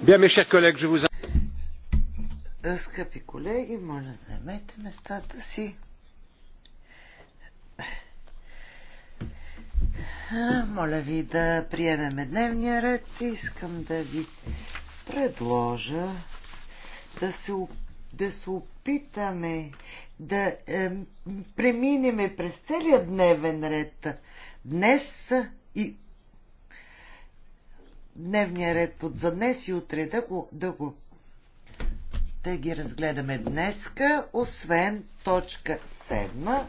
Bien, mes chers collègues, je vous Скъпи колеги, моля, заемете местата си. Моля ви да приемеме дневния ред. Искам да ви предложа да се опитаме да се опитаме да е, преминеме през целия дневен ред. Днес и дневния ред от за днес и утре да го, да го да ги разгледаме днеска, освен точка 7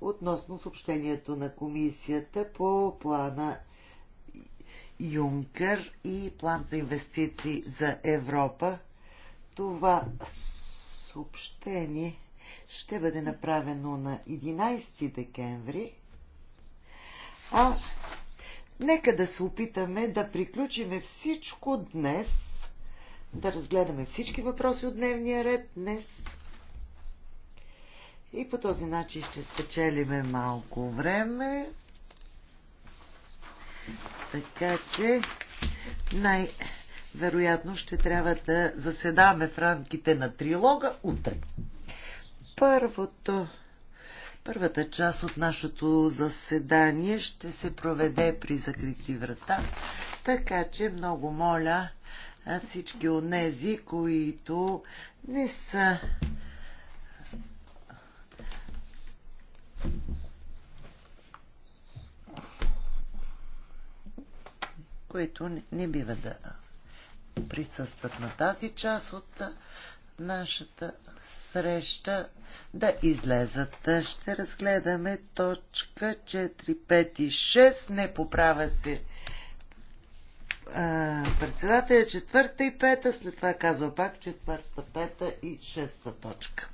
относно съобщението на комисията по плана Юнкер и план за инвестиции за Европа това съобщение ще бъде направено на 11 декември. А нека да се опитаме да приключиме всичко днес, да разгледаме всички въпроси от дневния ред днес. И по този начин ще спечелиме малко време. Така че най- вероятно ще трябва да заседаме в рамките на трилога утре. Първото, първата част от нашето заседание ще се проведе при закрити врата, така че много моля всички нези, които не са които не, не бива да присъстват на тази част от нашата среща да излезат. Ще разгледаме точка 4, 5 и 6. Не поправя се председателя четвърта и пета, след това казва пак четвърта, пета и шеста точка.